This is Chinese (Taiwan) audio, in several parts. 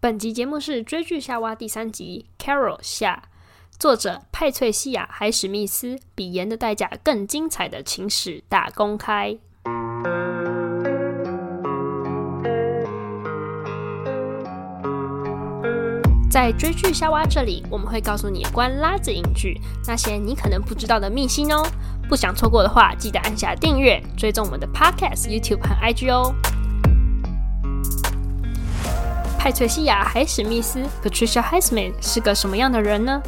本集節目是《追劇夏娃》第三集《Carol 下》，作者派翠西亞·海史密斯，比《鹽的代價》更精彩的情史大公開。在《追劇夏娃》這裡，我們會告訴你關拉子影劇那些你可能不知道的秘辛哦。不想錯過的話，記得按下訂閱，追蹤我們的 Podcast、YouTube 和 IG 哦。派翠西亞海史密斯 Patricia Highsmith 是個什麼樣的人呢？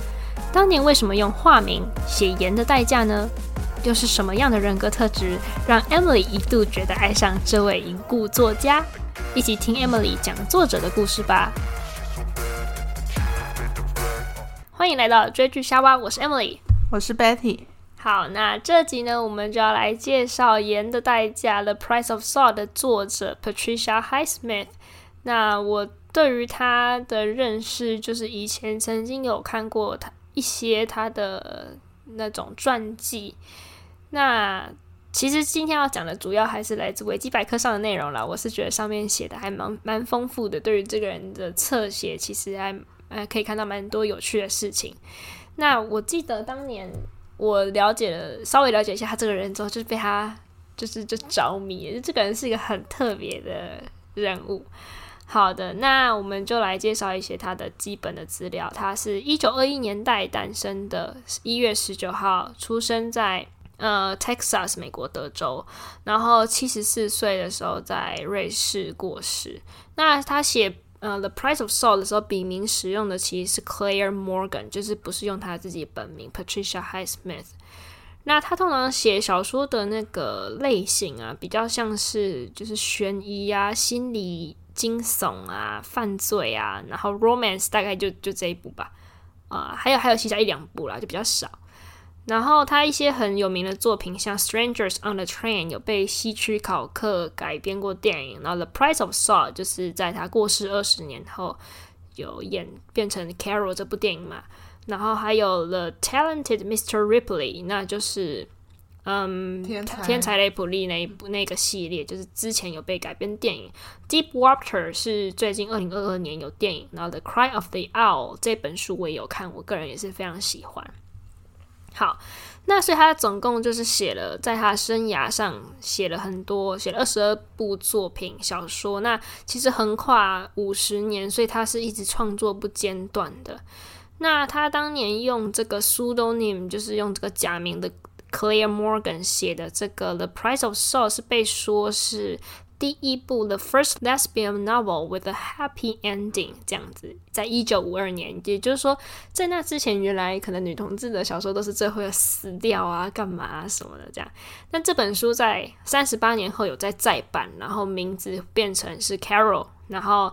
當年為什麼用化名寫《鹽的代價》呢？又是什麼樣的人格特質讓 Emily 一度覺得愛上這位已故作家？一起聽 Emily 講作者的故事吧。So、歡迎來到追劇瞎挖，我是 Emily，我是 Betty。好，那這集呢，我們就要來介紹《鹽的代價》The Price of Salt 的作者 Patricia Highsmith。那我。對於他的認識，就是以前曾經有看過他一些他的那種傳記。那其實今天要講的主要還是來自維基百科上的內容啦。我是覺得上面寫的還蠻蠻豐富的，對於這個人的側寫，其實還呃可以看到蠻多有趣的事情。那我記得當年我了解了，稍微了解一下他這個人之後，就是被他就是就着迷，就這個人是一個很特別的人物。好的，那我們就來介紹一些他的基本的資料。他是一九二一年代誕生的1月19號，一月十九號出生在呃 Texas 美國德州，然後七十四歲的時候在瑞士過世。那他寫呃 The Price of Salt 的時候，筆名使用的其實是 Claire Morgan，就是不是用他自己本名 Patricia Highsmith。那他通常寫小說的那個類型啊，比較像是就是懸疑啊、心理。驚悚啊、犯罪啊，然後 romance 大概就就這一部吧，啊、呃，還有還有其他一兩部啦，就比較少。然後他一些很有名的作品，像《Strangers on the Train》有被希區考克改編過電影，然後《The Price of Salt》就是在他過世二十年後有演變成《Carol》這部電影嘛，然後還有《The Talented Mr. Ripley》，那就是。嗯，天才、天才雷普利那一部那個系列，就是之前有被改編電影。嗯、Deep Water 是最近二零二二年有電影。然後 The Cry of the Owl 這本書我也有看，我個人也是非常喜歡。好，那所以他總共就是寫了，在他生涯上寫了很多，寫了二十二部作品小說。那其實橫跨五十年，所以他是一直創作不間斷的。那他當年用這個 pseudonym，就是用這個假名的。Claire Morgan 寫的這個《The Price of Salt》是被說是第一部 The first lesbian novel with a happy ending，這樣子，在一九五二年，也就是說，在那之前，原來可能女同志的小說都是最後要死掉啊、幹嘛、啊、什麼的這樣。那這本書在三十八年後有在再版，然後名字變成是 Carol，然後。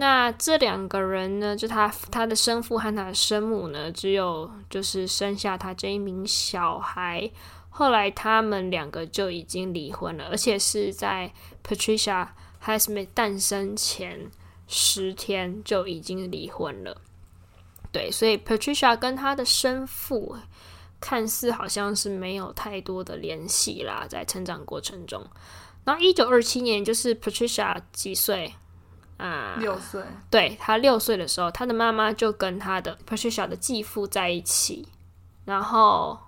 那這兩個人呢，就他他的生父和他的生母呢，只有就是生下他這一名小孩。後來他們兩個就已經離婚了，而且是在 Patricia Highsmith 誕生前十天就已經離婚了。對，所以 Patricia 跟他的生父看似好像是沒有太多的聯繫啦，在成長過程中。然後一九二七年就是 Patricia 幾歲？啊，uh, 六歲。對，他六歲的時候，他的媽媽就跟他的 Patricia 的繼父在一起。然後，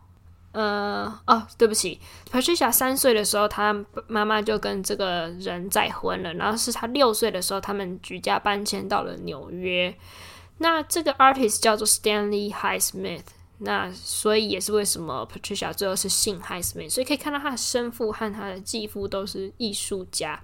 呃，哦，對不起，Patricia 三歲的時候，他媽媽就跟這個人再婚了。然後是他六歲的時候，他們舉家搬遷到了紐約。那這個 artist 叫做 Stanley Highsmith。那所以也是為什麼 Patricia 最後是姓 Highsmith。所以可以看到他的生父和他的繼父都是藝術家。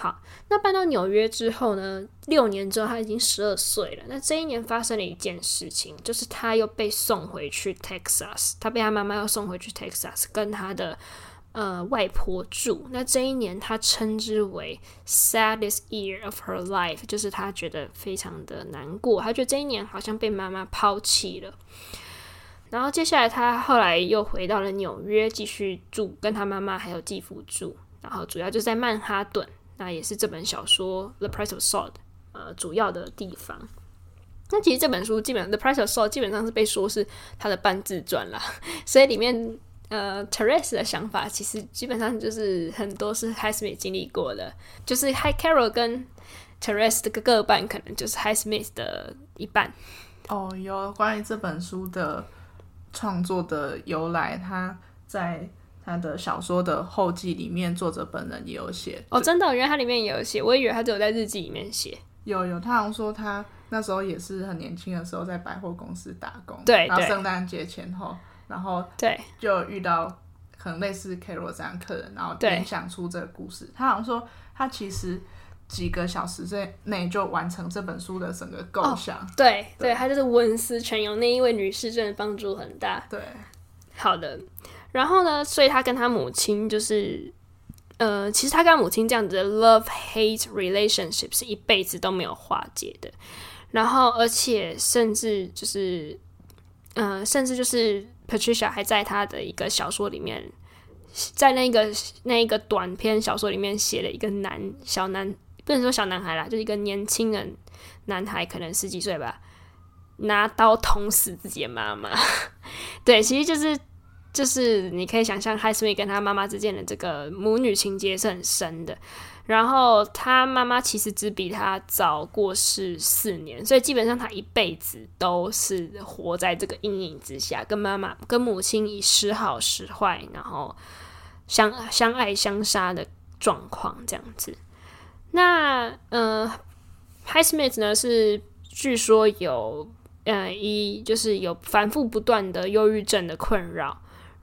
好，那搬到紐約之後呢，六年之後，他已經十二歲了。那這一年發生了一件事情，就是他又被送回去 Texas，他被他媽媽又送回去 Texas，跟他的呃外婆住。那這一年，他稱之為 saddest year of her life，就是他覺得非常的難過，他覺得這一年好像被媽媽拋棄了。然後接下來，他後來又回到了紐約，繼續住，跟他媽媽還有繼父住，然後主要就是在曼哈頓。那、啊、也是這本小說《The Price of Salt》呃主要的地方。那其實這本書基本上《The Price of Salt》基本上是被說是它的半自傳啦，所以裡面呃 Teresa 的想法其實基本上就是很多是 Highsmith 經歷過的。就是 High Carol 跟 Teresa 的各個半，可能就是 Highsmith 的一半。哦，有關於這本書的創作的由來，它在，他的小說的後記裡面，作者本人也有寫哦，真的、哦，因為他裡面也有寫，我以為他只有在日記裡面寫。有有，他好像說他那時候也是很年輕的時候，在百貨公司打工。對。然後聖誕節前後，然後對，就遇到很類似 K 羅這樣客人，然後聯想出這個故事。對他好像說他其實幾個小時之內就完成這本書的整個構想。哦、對對，對，他就是文思全有。那一位女士真的幫助很大。對，好的。然後呢，所以他跟他母親就是，呃，其實他跟他母親這樣子的 love hate relationship 是一輩子都沒有化解的。然後，而且甚至就是，呃，甚至就是 Patricia 還在他的一個小說裡面，在那個那一個短篇小說裡面寫了一個男小男不能說小男孩啦，就是一個年輕人男孩，可能十幾歲吧，拿刀捅死自己的媽媽。 對，其實就是。就是你可以想象，Highsmith 跟他媽媽之間的這個母女情結是很深的。然後他媽媽其實只比他早過世四年，所以基本上他一輩子都是活在這個陰影之下，跟媽媽、跟母親以時好時壞，然後相相愛相殺的狀況這樣子。那嗯 Highsmith 呢是據說有呃一就是有反覆不斷的憂鬱症的困擾。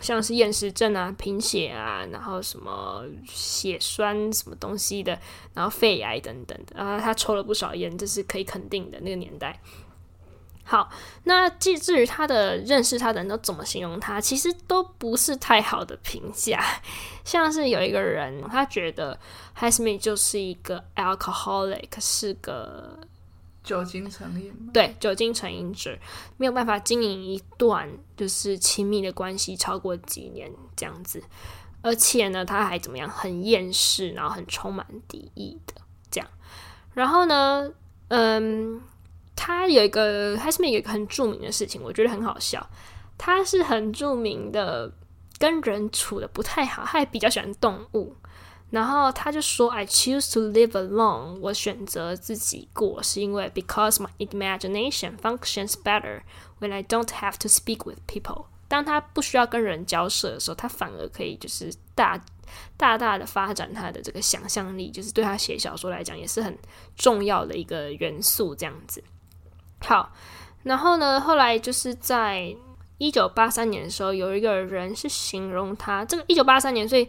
像是厭食症啊、貧血啊，然後什麼血栓什麼東西的，然後肺癌等等的，然後他抽了不少菸，這是可以肯定的。那個年代，好，那至至於他的認識他的人都怎麼形容他，其實都不是太好的評價。像是有一個人，他覺得 Highsmith 就是一個 alcoholic，是個。酒精成癮，對酒精成癮者沒有辦法經營一段就是親密的關係超過幾年這樣子，而且呢，他還怎麼樣，很厭世，然後很充滿敵意的這樣。然後呢，嗯，他有一個，他身邊有一個很著名的事情，我覺得很好笑。他是很著名的，跟人處的不太好，他還比較喜歡動物。然後他就說：“I choose to live alone。我選擇自己過，是因為 because my imagination functions better when I don't have to speak with people。當他不需要跟人交涉的時候，他反而可以就是大，大大的發展他的這個想象力，就是對他寫小說來講也是很重要的一個元素。這樣子。好，然後呢，後來就是在一九八三年的時候，有一個人是形容他這個一九八三年，所以。”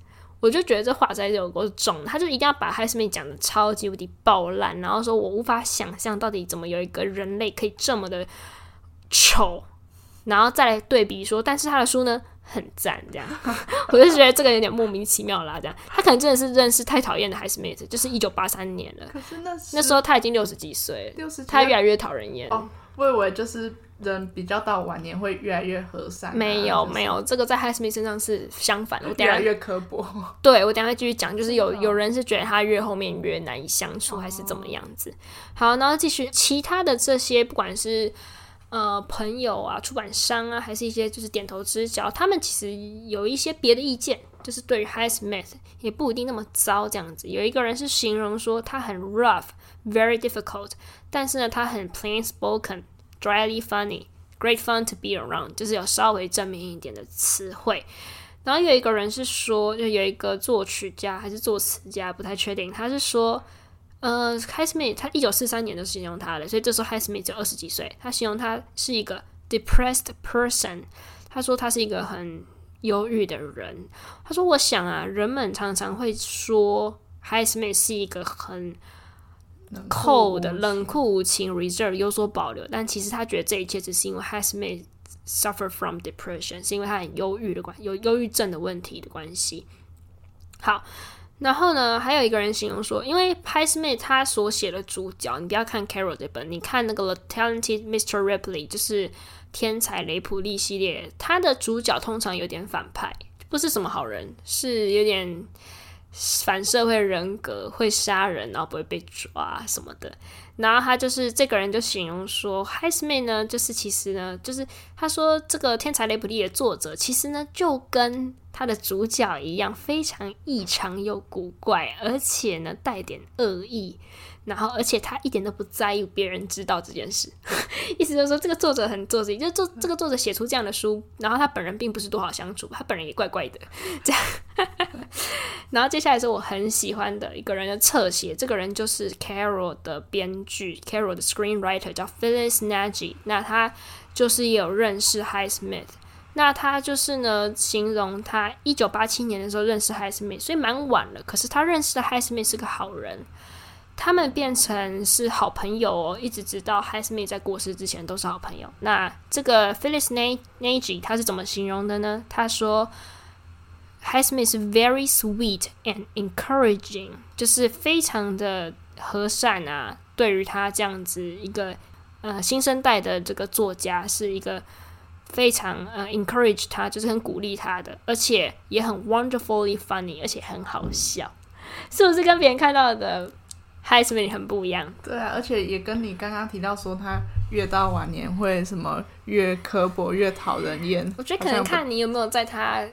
我就覺得這話實在是有夠重，他就一定要把海史密斯講得超級無敵爆爛，然後說我無法想象到底怎麼有一個人類可以這麼的醜，然後再來對比說，但是他的書呢很讚，這樣， 我就覺得這個有點莫名其妙啦、啊，這樣，他可能真的是認識太討厭的海史密斯子，就是一九八三年了，可是那時那時候他已經六十幾歲，幾他越來越討人厭哦，我以為就是。人比較到晚年會越來越和善，啊，沒有、就是，沒有，這個在 Highsmith 身上是相反，我等下越來越刻薄。對，我等一下繼續講，就是有、oh. 有人是覺得他越後面越難以相處，oh. 還是怎麼樣子？好，然後繼續其他的這些，不管是呃朋友啊、出版商啊，還是一些就是點頭之交，他們其實有一些別的意見，就是對於 Highsmith 也不一定那麼糟這樣子。有一個人是形容說他很 rough，very difficult，但是呢，他很 plain spoken。Sp oken, Dryly funny, great fun to be around，就是有稍微正面一點的詞彙。然後有一個人是說，就有一個作曲家還是作詞家，不太確定。他是說，呃 Highsmith 他一九四三年就形容他了，所以這時候 Highsmith 只有二十幾歲。他形容他是一個 depressed person，他說他是一個很憂鬱的人。他說，我想啊，人們常常會說 Highsmith 是一個很。cold 冷酷無情，reserve 有所保留，但其實他覺得這一切只是因為 Highsmith suffer from depression，是因為他很憂鬱的關有憂鬱症的問題的關係。好，然後呢，還有一個人形容說，因為 Highsmith 他所寫的主角，你不要看 Carol 這本，你看那個 The Talented Mr. Ripley 就是天才雷普利系列，他的主角通常有點反派，不是什麼好人，是有點。反社會人格會殺人，然後不會被抓什麼的。然後他就是這個人，就形容說 Highsmith 呢，就是其實呢，就是他說這個天才雷普利的作者，其實呢就跟。他的主角一樣非常異常又古怪，而且呢帶點惡意，然後而且他一點都不在意別人知道這件事， 意思就是說這個作者很做自己，就做這個作者寫出這樣的書，然後他本人並不是多好相處，他本人也怪怪的，這樣。 然後接下來是我很喜歡的一個人的側寫，這個人就是 Carol 的編劇，Carol 的 screenwriter 叫 Phyllis Nagy，那他就是也有認識 Highsmith。那他就是呢，形容他一九八七年的時候認識海史密斯，所以蠻晚了。可是他認識的海史密斯是個好人，他們變成是好朋友哦，一直直到海史密斯在過世之前都是好朋友。那這個 Phyllis Ne Nagy 他是怎麼形容的呢？他說，海史密斯是 very sweet and encouraging，就是非常的和善啊。對於他這樣子一個呃新生代的這個作家，是一個。非常 encourage 他，就是很鼓勵他的，而且也很 wonderfully funny，而且很好笑，是不是跟別人看到的 Hilary 很不一樣？對啊，而且也跟你剛剛提到說，他越到晚年會什麼越刻薄越、越討人厭。我覺得可能看你有沒有在他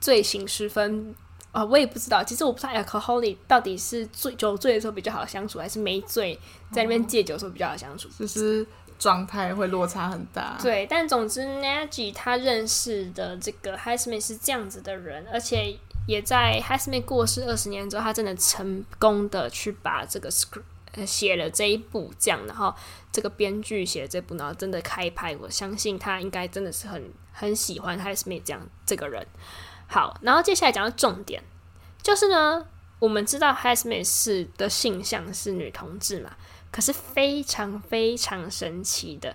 醉醒時分啊、呃，我也不知道。其實我不知道 alcoholic 到底是醉酒醉的時候比較好相處，還是沒醉在那邊戒酒的時候比較好相處。就是、嗯。狀態會落差很大。對，但總之，Nagy 他認識的這個 Highsmith 是這樣子的人，而且也在 Highsmith 過世二十年之後，他真的成功的去把這個 script 寫了這一部，這樣，然後這個編劇寫這部，然後真的開拍，我相信他應該真的是很很喜歡 Highsmith 這樣這個人。好，然後接下來講到重點，就是呢，我們知道 Highsmith 是的性向是女同志嘛。可是非常非常神奇的，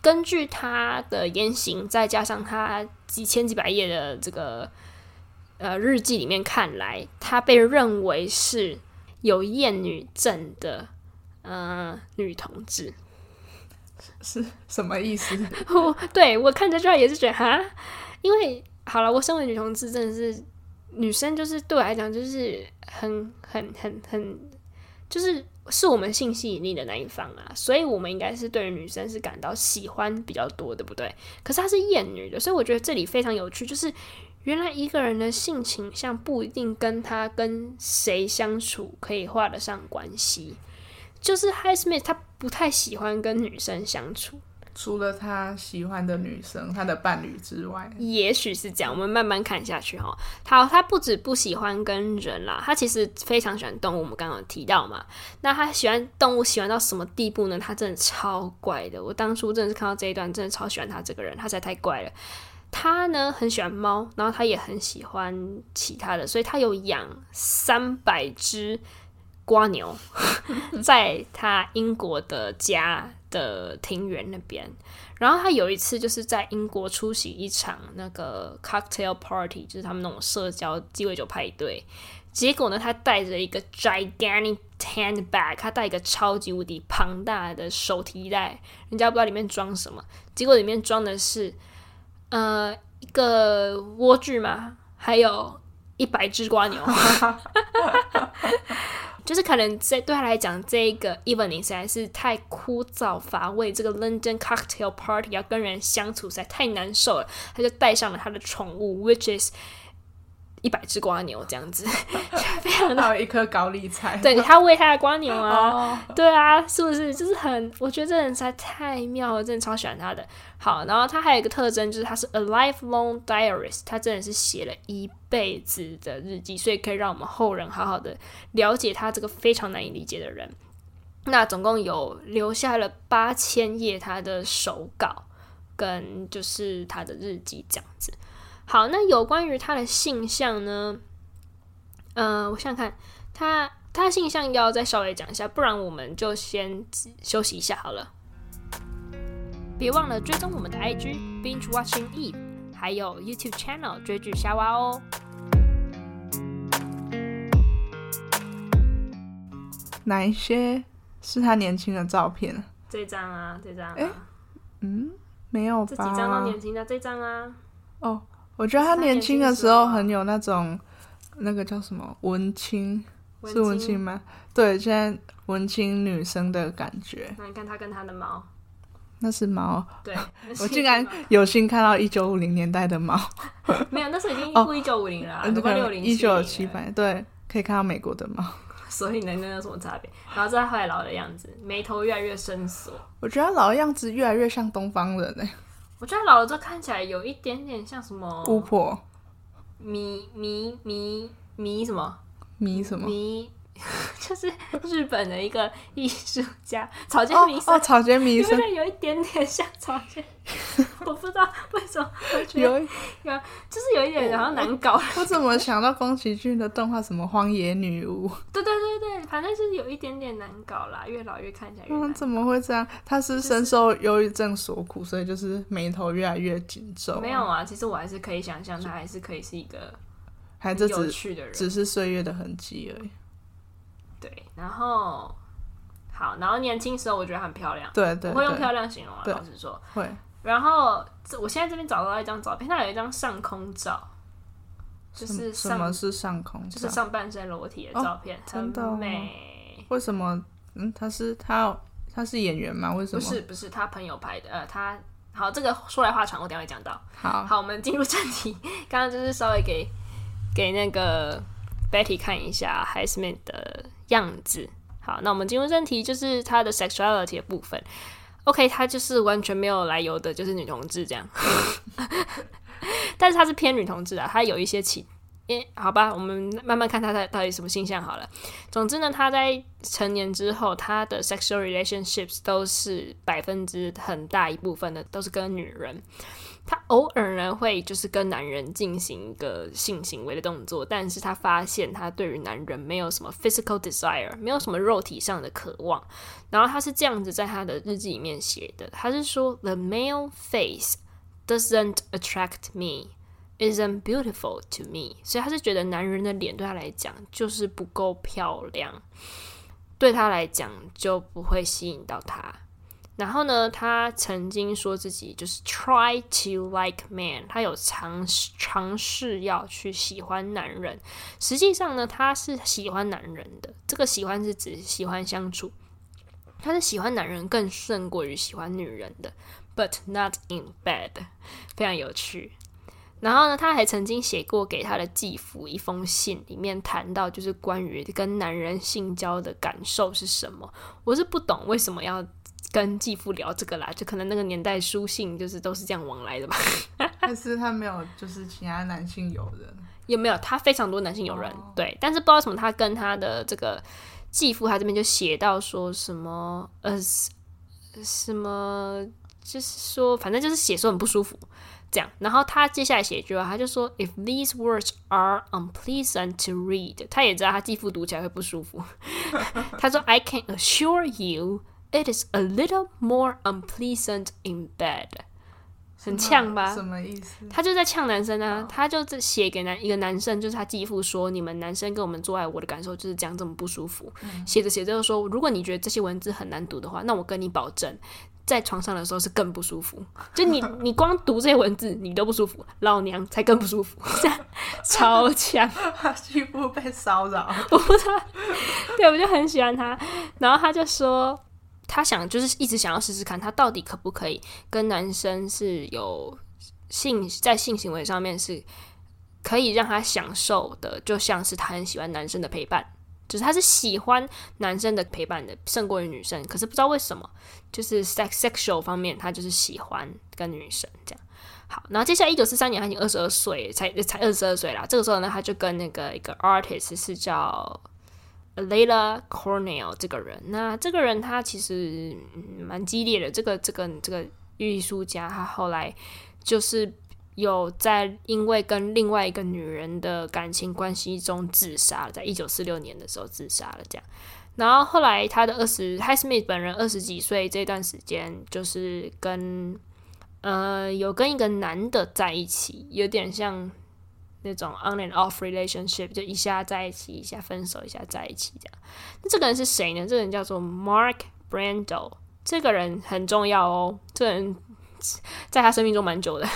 根據他的言行，再加上他幾千幾百頁的這個呃日記裡面看來，他被認為是有厭女症的呃女同志，是什麼意思？ 對我看這句話也是覺得哈，因為好了，我身為女同志，真的是女生，就是對我來講，就是很很很很就是。是我們性吸引力的那一方啊，所以我們應該是對於女生是感到喜歡比較多的，對不對？可是他是厭女的，所以我覺得這裡非常有趣，就是原來一個人的性傾向不一定跟他跟誰相處可以畫得上關係，就是 Highsmith 他不太喜歡跟女生相處。除了他喜歡的女生，他的伴侶之外，也許是這樣。我們慢慢看下去哈。好，他不只不喜歡跟人啦，他其實非常喜歡動物。我們剛剛有提到嘛，那他喜歡動物喜歡到什麼地步呢？他真的超怪的。我當初真的是看到這一段，真的超喜歡他這個人，他才太怪了。他呢很喜歡貓，然後他也很喜歡其他的，所以他有養三百隻蝸牛，在他英國的家的庭園那邊。然後他有一次就是在英國出席一場那個 cocktail party，就是他們那種社交雞尾酒派對。結果呢，他帶着一個 gigantic handbag，他帶一個超級無敵龐大的手提袋，人家不知道裡面裝什麼。結果裡面裝的是呃一個萵苣嘛，還有一百隻蝸牛。 就是可能在對他來講，這個 evening 實在是太枯燥乏味，這個 London cocktail party 要跟人相處實在太難受了，他就帶上了他的寵物，which is。一百隻蝸牛，這樣子， 就非常好一顆高麗菜。對，他餵他的蝸牛啊。Oh. 對啊，是不是？就是很，我覺得這人才太妙了，真的超喜歡他的。好，然後他還有一個特徵，就是他是 a lifelong diarist，他真的是寫了一輩子的日記，所以可以讓我們後人好好的了解他這個非常難以理解的人。那總共有留下了八千頁他的手稿跟就是他的日記這樣子。好，那有關於他的性向呢？呃，我想想看，他他性向要再稍微講一下，不然我們就先休息一下好了。別忘了追蹤我們的 IG Binge Watching Eve，還有 YouTube channel 追劇瞎挖哦。哪一些是他年輕的照片？這張啊，這張、啊。哎、欸，嗯，沒有吧？這幾張都年輕的，這張啊。哦。我覺得他年輕的時候很有那種，那個叫什麼文青，文青是文青嗎？對，現在文青女生的感覺。那你看他跟他的貓，那是貓。對， 我竟然有幸看到一九五零年代的貓。 沒有，那時候已經一九五零了，一九七零對，可以看到美國的貓。所以能跟他什麼差別？然後再後來老的樣子，眉頭越來越深鎖。我覺得他老的樣子越來越像東方人呢、欸。我覺得老了之後看起來有一點點像什麼巫婆，迷迷迷迷什麼迷什麼迷。 就是日本的一個藝術家草間彌生，哦哦、草間彌生 有，有，有一點點像草間， 我不知道為什麼有有，一有，有，就是有一點然後難搞。我，我，我怎麼想到宮崎駿的動畫什麼荒野女巫？ 對對對對，反正就是有一點點難搞啦，越老越看起來嗯，怎麼會這樣？他是深受憂鬱症所苦，所以就是眉頭越來越緊皺、啊。沒有啊，其實我還是可以想象他還是可以是一個還很有趣的人，只是歲月的痕跡而已。對，然後好，然後年輕時候我覺得很漂亮，對，對，我會用漂亮形容啊，對老實說會。對然後這我現在這邊找到一張照片，它有一張上空照，就是上，什麼是上空照？就是上半身裸體的照片，哦，真的，很美。為什麼？嗯，他是他他是演員嗎？為什麼？不是不是，他朋友拍的。呃，他好，這個說來話長，我等下會講到。好，好，我們進入正題，剛剛就是稍微給給那個 Betty 看一下 Husband 好、啊、的。樣子好，那我們進入正題，就是他的 sexuality 的部分。OK，他就是完全沒有來由的，就是女同志這樣， 但是他是偏女同志啊，他有一些情、欸，好吧，我們慢慢看他到底什麼性向好了。總之呢，他在成年之後，他的 sexual relationships 都是百分之很大一部分的，都是跟女人。她偶爾呢會就是跟男人進行一個性行為的動作，但是她發現她對於男人沒有什麼 physical desire，沒有什麼肉體上的渴望。然後她是這樣子在她的日記裡面寫的，她是說 The male face doesn't attract me, isn't beautiful to me。所以她是覺得男人的臉對她來講就是不夠漂亮，對她來講就不會吸引到她。然後呢，他曾經說自己就是 try to like man，他有嘗試嘗試要去喜歡男人。實際上呢，他是喜歡男人的，這個喜歡是指喜歡相處。他是喜歡男人更勝過於喜歡女人的，but not in bed，非常有趣。然後呢，他還曾經寫過給他的繼父一封信，裡面談到就是關於跟男人性交的感受是什麼。我是不懂為什麼要。跟繼父聊這個啦，就可能那個年代書信就是都是這樣往來的吧。 但是他沒有，就是其他男性友人有沒有？他非常多男性友人，oh. 對。但是不知道什麼，他跟他的這個繼父，他這邊就寫到說什麼呃什麼，就是說反正就是寫說很不舒服這樣。然後他接下來寫一句話，他就說：“If these words are unpleasant to read，他也知道他繼父讀起來會不舒服。 ”他說 ：“I can assure you。” It is a little more unpleasant in bed，什麼很嗆吧？什麼意思？他就在嗆男生啊！Oh. 他就是寫給男一個男生，就是他繼父說：“你們男生跟我們做愛，我的感受就是講這麼不舒服。嗯”寫着寫着就說：“如果你覺得這些文字很難讀的話，那我跟你保證，在床上的時候是更不舒服。就你你光讀這些文字，你都不舒服， 老娘才更不舒服， 超強！繼父被騷擾，我不知道，對，我就很喜歡他，然後他就說。”他想就是一直想要試試看，他到底可不可以跟男生是有性，在性行為上面是可以讓他享受的，就像是他很喜歡男生的陪伴，就是他是喜歡男生的陪伴的，勝過於女生。可是不知道為什麼，就是 sex sexual 方面，他就是喜歡跟女生這樣。好，然後接下來一九四三年，她已經二十二歲，才才二十二歲啦。這個時候呢，他就跟那個一個 artist 是叫。Lela Cornell 這個人，那這個人他其實蠻、嗯、激烈的。這個這個這個藝術家，他後來就是有在因為跟另外一個女人的感情關係中自殺了，在一九四六年的時候自殺了。這樣，然後後來他的二十 Highsmith 本人二十幾歲這段時間，就是跟呃有跟一個男的在一起，有點像。那種 on and off relationship 就一下在一起，一下分手，一下在一起這樣。那這個人是誰呢？這個人叫做 Mark Brando，這個人很重要哦。這個、人在他生命中蠻久的。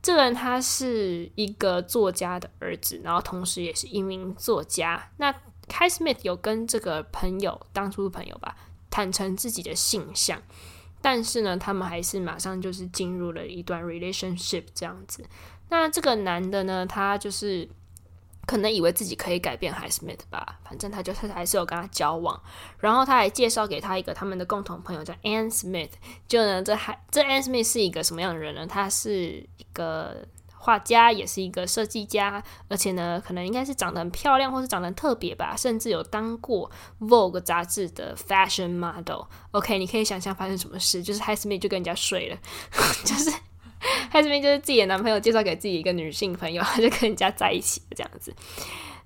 這個人他是一個作家的兒子，然後同時也是一名作家。那 k i s m i t h 有跟這個朋友，當初的朋友吧，坦誠自己的性向，但是呢，他們還是馬上就是進入了一段 relationship 這樣子。那這個男的呢，他就是可能以為自己可以改變 Highsmith 吧，反正他就他還是有跟他交往，然後他還介紹給他一個他們的共同朋友叫 Ann Smith，就呢，這還這 Ann Smith 是一個什麼樣的人呢？他是一個畫家，也是一個設計家，而且呢，可能應該是長得很漂亮，或是長得特別吧，甚至有當過 Vogue 雜誌的 Fashion Model。OK，你可以想象發生什麼事，就是 Highsmith 就跟人家睡了， 就是。Highsmith 就是自己的男朋友介紹給自己一個女性朋友，他 就跟人家在一起了這樣子。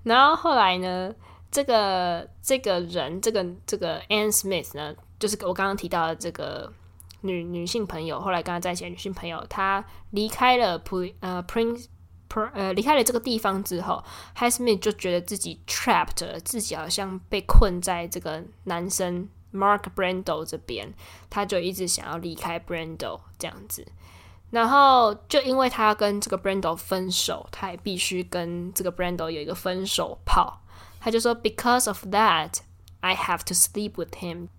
然後後來呢，這個這個人，這個這個 Ann Smith 呢，就是我剛剛提到的這個女女性朋友，後來跟她在一起的女性朋友，她離開了 Prince 呃，Pr ing, Pr ing, Pr ing, 呃離開了這個地方之後 Highsmith 就覺得自己 trapped，自己好像被困在這個男生 Mark Brando 這邊，她就一直想要離開 Brando 這樣子。然後就因為他跟這個 Brando 分手，他還必須跟這個 Brando 有一個分手炮。他就說，Because of that, I have to sleep with him。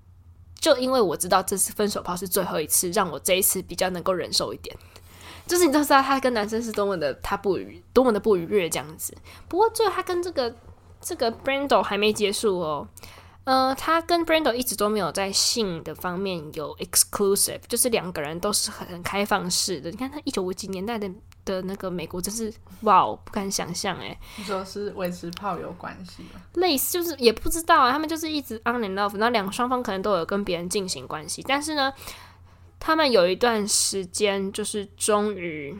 就因為我知道這次分手炮是最後一次，讓我這一次比較能夠忍受一點。就是你都知道他跟男生是多麼的他不愉，多麼的不愉悅這樣子。不過最後他跟這個這個 Brando 還沒結束哦。呃，他跟 Brando 一直都沒有在性的方面有 exclusive，就是兩個人都是很開放式的。你看，他一九五幾年代的的那個美國，真是哇，不敢想象哎。你說是維持炮友關係？類似，就是也不知道啊。他們就是一直 on and off，然後兩雙方可能都有跟別人進行關係，但是呢，他們有一段時間就是終於，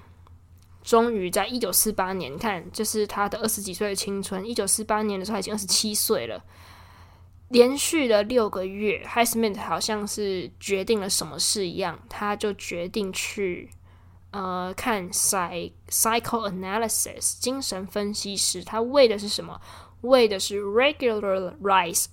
終於在一九四八年，你看就是他的二十幾歲的青春，一九四八年的時候已經二十七歲了。連續了六個月 Highsmith 好像是決定了什麼事一樣，他就決定去呃看 psy Psychoanalysis 精神分析師。他為的是什麼？為的是 regularize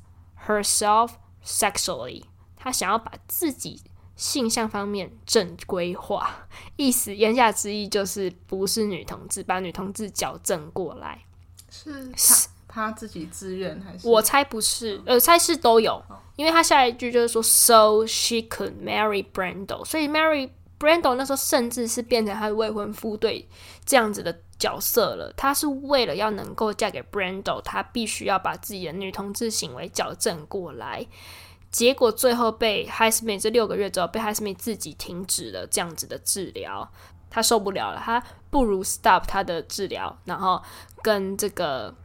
herself sexually。他想要把自己性向方面正規化，意思言下之意就是不是女同志，把女同志矯正過來。是是。他他自己自願還是？我猜不是，呃，猜是都有，哦、因為他下一句就是說、哦、，so she could marry Brando，所以 marry Brando 那時候甚至是變成他的未婚夫對，這樣子的角色了。他是為了要能夠嫁給 Brando，他必須要把自己的女同志行為矯正過來，結果最後被 Highsmith 這六個月之後被 Highsmith 自己停止了這樣子的治療，他受不了了，他不如 stop 他的治療，然後跟這個。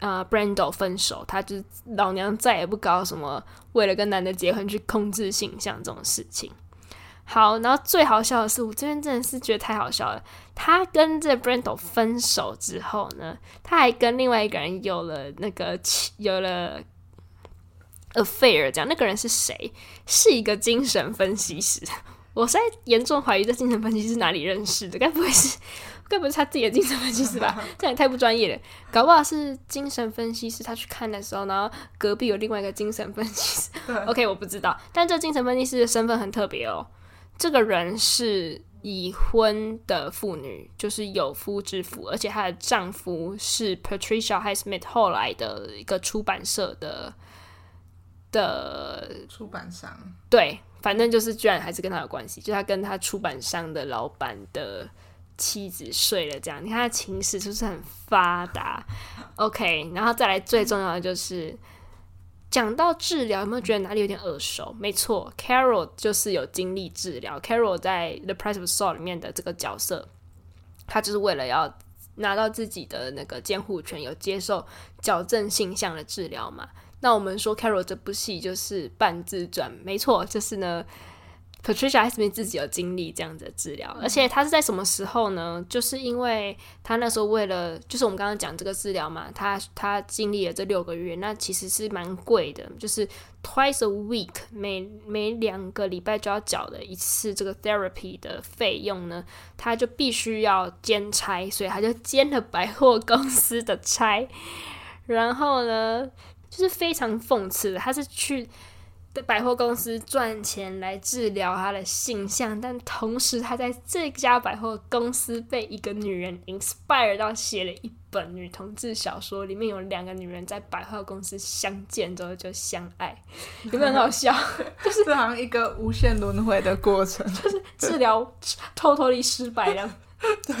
呃、uh,，Brando 分手，他就老娘再也不搞什麼為了跟男的結婚去控制形象這種事情。好，然後最好笑的是，我這邊真的是覺得太好笑了。他跟這 Brando 分手之後呢，他還跟另外一個人有了那個有了 affair，這樣，那個人是誰？是一個精神分析師。 我實在嚴重懷疑這精神分析師哪裡認識的，該不會是？該不是他自己的精神分析師吧？ 這樣也太不專業了。搞不好是精神分析師，他去看的時候，然後隔壁有另外一個精神分析師。對 OK，我不知道。但這個精神分析師的身份很特別哦。這個人是已婚的婦女，就是有夫之婦，而且她的丈夫是 Patricia Highsmith 後來的一個出版社的的出版商。對，反正就是居然還是跟他有關係，就他跟他出版商的老板的。妻子睡了，這樣你看他的情史是不是很發達？OK，然後再來最重要的就是講到治療，有沒有覺得哪裡有點耳熟？沒錯，Carol 就是有經歷治療。Carol 在《The Price of Salt》裡面的這個角色，他就是為了要拿到自己的那個監護權，有接受矯正性向的治療嘛？那我們說 Carol 這部戲就是半自傳，沒錯，就是呢。Patricia has been 自己有經歷這樣子的治療，嗯、而且他是在什麼時候呢？就是因為他那時候為了，就是我們剛剛講這個治療嘛，他他經歷了這六個月，那其實是蠻貴的，就是 twice a week，每每兩個禮拜就要繳的一次這個 therapy 的費用呢，他就必須要兼差，所以他就兼了百貨公司的差，然後呢，就是非常諷刺的，他是去。百貨公司賺錢來治療他的性向，但同時他在這家百貨公司被一個女人 inspire 到，寫了一本女同志小說，裡面有兩個女人在百貨公司相見之後就相愛，有沒有很好笑？呵呵，就是像一個無限輪迴的過程，就是治療 偷偷的失敗了。 對，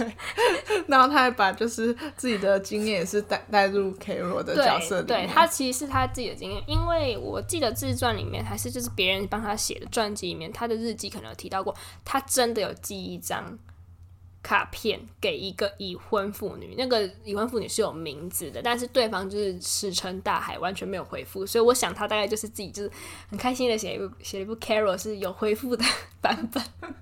然後他還把就是自己的經驗也是帶帶入 K 羅的角色裡面。對，對，他其實是他自己的經驗，因為我記得自傳裡面還是就是別人幫他寫的傳記裡面，他的日記可能有提到過，他真的有記一張。卡片給一個已婚婦女，那個已婚婦女是有名字的，但是對方就是石沉大海，完全沒有回復。所以我想，他大概就是自己就是很開心的寫一部寫一部 Carol 是有回復的版本，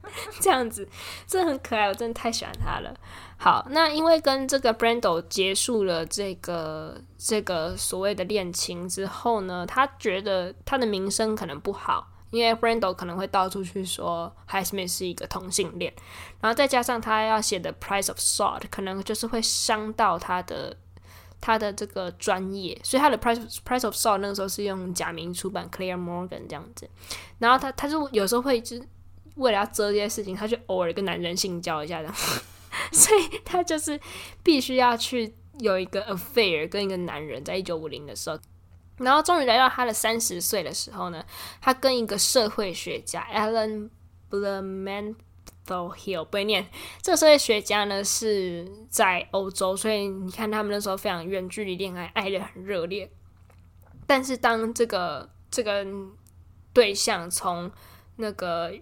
這樣子，這很可愛，我真的太喜歡他了。好，那因為跟這個 Brandel 結束了這個這個所謂的戀情之後呢，他覺得他的名聲可能不好。因為 Brando 可能會到處去說 Highsmith 是一個同性戀，然後再加上他要寫的 Price of Salt 可能就是會傷到他的他的這個專業，所以他的 Price Price of Salt 那個時候是用假名出版，Claire Morgan 這樣子。然後他他就有時候會就是為了要遮這些事情，他就偶爾跟男人性交一下的， 所以他就是必須要去有一個 affair 跟一個男人，在一九五零的時候。然後終於來到他的三十歲的時候呢，他跟一個社會學家 Alan Blumenthal Hill 不會念這個、社會學家呢是在歐洲，所以你看他們那時候非常遠距離戀愛，愛得很熱烈。但是當這個這個對象從那個遠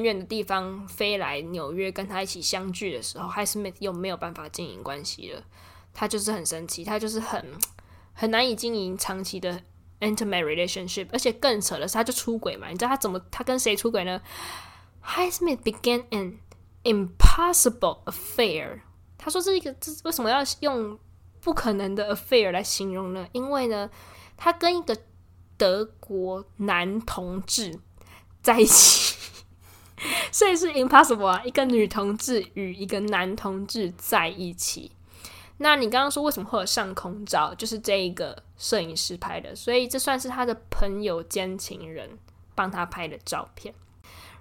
遠的地方飛來紐約跟他一起相聚的時候，Highsmith 又沒有辦法經營關係了。他就是很生氣，他就是很很難以經營長期的 intimate relationship，而且更扯的是，他就出軌嘛，你知道他怎麼，他跟誰出軌呢？Highsmith began an impossible affair。他說這是一個，這為什麼要用不可能的 affair 來形容呢？因為呢，他跟一個德國男同志在一起， 所以是 impossible，啊，一個女同志與一個男同志在一起。那你剛剛說為什麼會有上空照，就是這一個攝影師拍的，所以這算是他的朋友兼情人幫他拍的照片。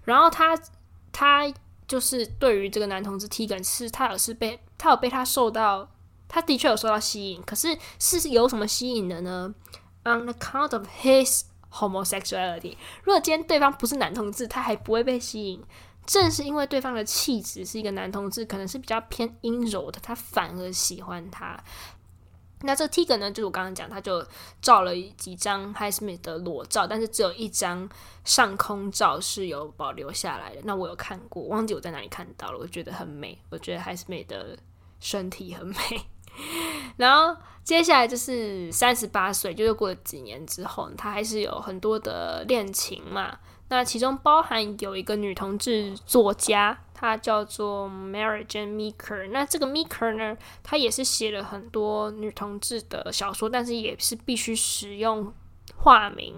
然後他他就是對於這個男同志體感，是他有是被他有被他受到，他的確有受到吸引，可是是有什麼吸引的呢？On account of his homosexuality，如果今天對方不是男同志，他還不會被吸引。正是因為對方的氣質是一個男同志，可能是比較偏陰柔的，他反而喜歡他。那這個 Tiger 呢，就是我剛剛講，他就照了幾張海史密斯的裸照，但是只有一張上空照是有保留下來的。那我有看過，忘記我在哪裡看到了，我覺得很美，我覺得海史密斯的身體很美。然後接下來就是三十八歲，就是過了幾年之後，他還是有很多的戀情嘛。那其中包含有一個女同志作家，她叫做 Marijane Meaker。那這個 Meaker 呢，她也是寫了很多女同志的小說，但是也是必須使用化名。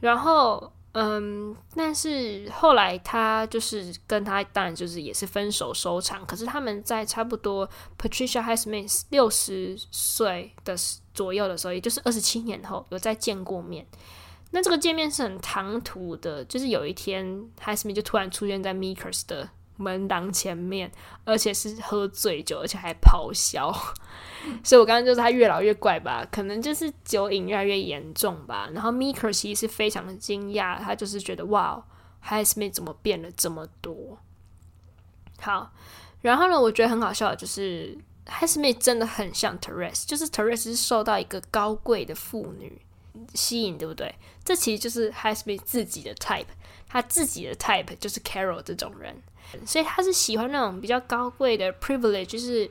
然後，嗯，但是後來她就是跟她，當然就是也是分手收場。可是他們在差不多 Patricia Highsmith 六十歲的左右的時候，也就是二十七年後，有再見過面。那這個見面是很唐突的，就是有一天，海史密斯就突然出現在米克斯的門廊前面，而且是喝醉酒，而且還咆哮。 所以我剛剛就是他越老越怪吧，可能就是酒癮越來越嚴重吧。然後米克斯其實是非常的驚訝，他就是覺得哇，海史密斯怎麼變了這麼多？好，然後呢，我覺得很好笑的就是海史密斯真的很像特蕾斯，就是特蕾斯是受到一個高貴的婦女。吸引對不對？這其實就是 Highsmith 自己的 type，他自己的 type 就是 Carol 這種人，所以他是喜歡那種比較高貴的 privilege，就是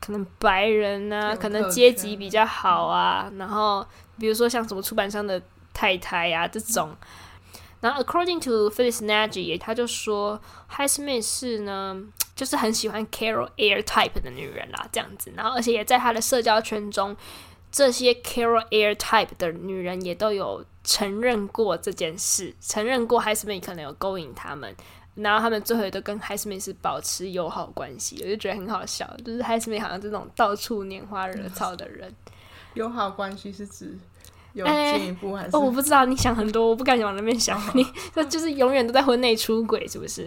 可能白人吶、啊，可能階級比較好啊，嗯、然後比如說像什麼出版商的太太啊這種。嗯、然後 according to Phyllis Nagy，他就說嗯、Highsmith 是呢，就是很喜歡 Carol Air type 的女人啦、啊，這樣子，然後而且也在他的社交圈中。這些 Carol Air Type 的女人也都有承認過這件事，承認過 m 斯曼可能有勾引他們，然後他們最後也都跟 m 斯曼是保持友好關係，我就覺得很好笑，就是 m 斯曼好像這種到處拈花惹草的人，友好關係是指有進一步還是、欸？哦，我不知道，你想很多，我不敢往那邊想， 你就是永遠都在婚內出軌，是不是？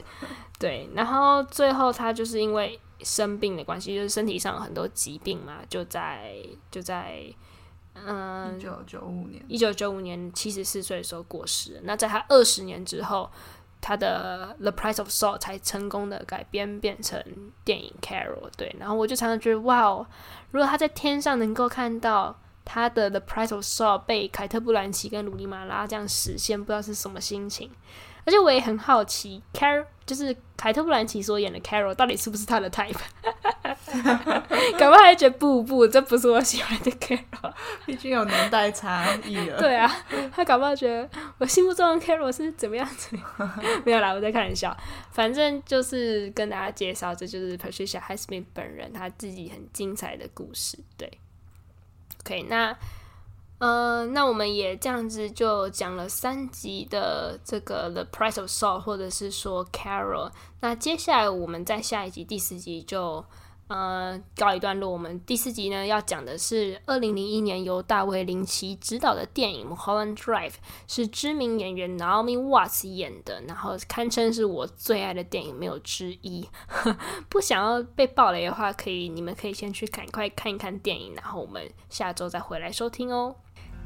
對，然後最後他就是因為。生病的關係，就是身體上有很多疾病嘛，就在就在嗯，一九九五年，一九九五年七十四歲的時候過世。那在他二十年之後，他的《The Price of Salt》才成功的改編變成電影《Carol》。對，然後我就常常覺得，哇，如果他在天上能夠看到他的《The Price of Salt》被凱特·布蘭奇跟魯尼·馬拉這樣實現，不知道是什麼心情。而且我也很好奇，Carol 就是凱特·布蘭奇所演的 Carol，到底是不是他的 type？搞 不好還覺得不不，這不是我喜歡的 Carol？畢竟有年代差異了。 對啊，他搞不好覺得我心目中的 Carol 是怎麼樣子？ 沒有啦，我在開玩笑。反正就是跟大家介紹，這就是 Patricia Highsmith 本人他自己很精彩的故事。對可以、okay，那。呃，那我們也這樣子就講了三集的這個《The Price of Salt》，或者是說《Carol》。那接下來我們在下一集第四集就呃告一段落。我們第四集呢要講的是二零零一年由大衛林奇執導的電影《Mulholland Drive》，是知名演員 Naomi Watts 演的，然後堪稱是我最愛的電影沒有之一。 不想要被爆雷的話，可以你們可以先去趕快看一看電影，然後我們下周再回來收聽哦。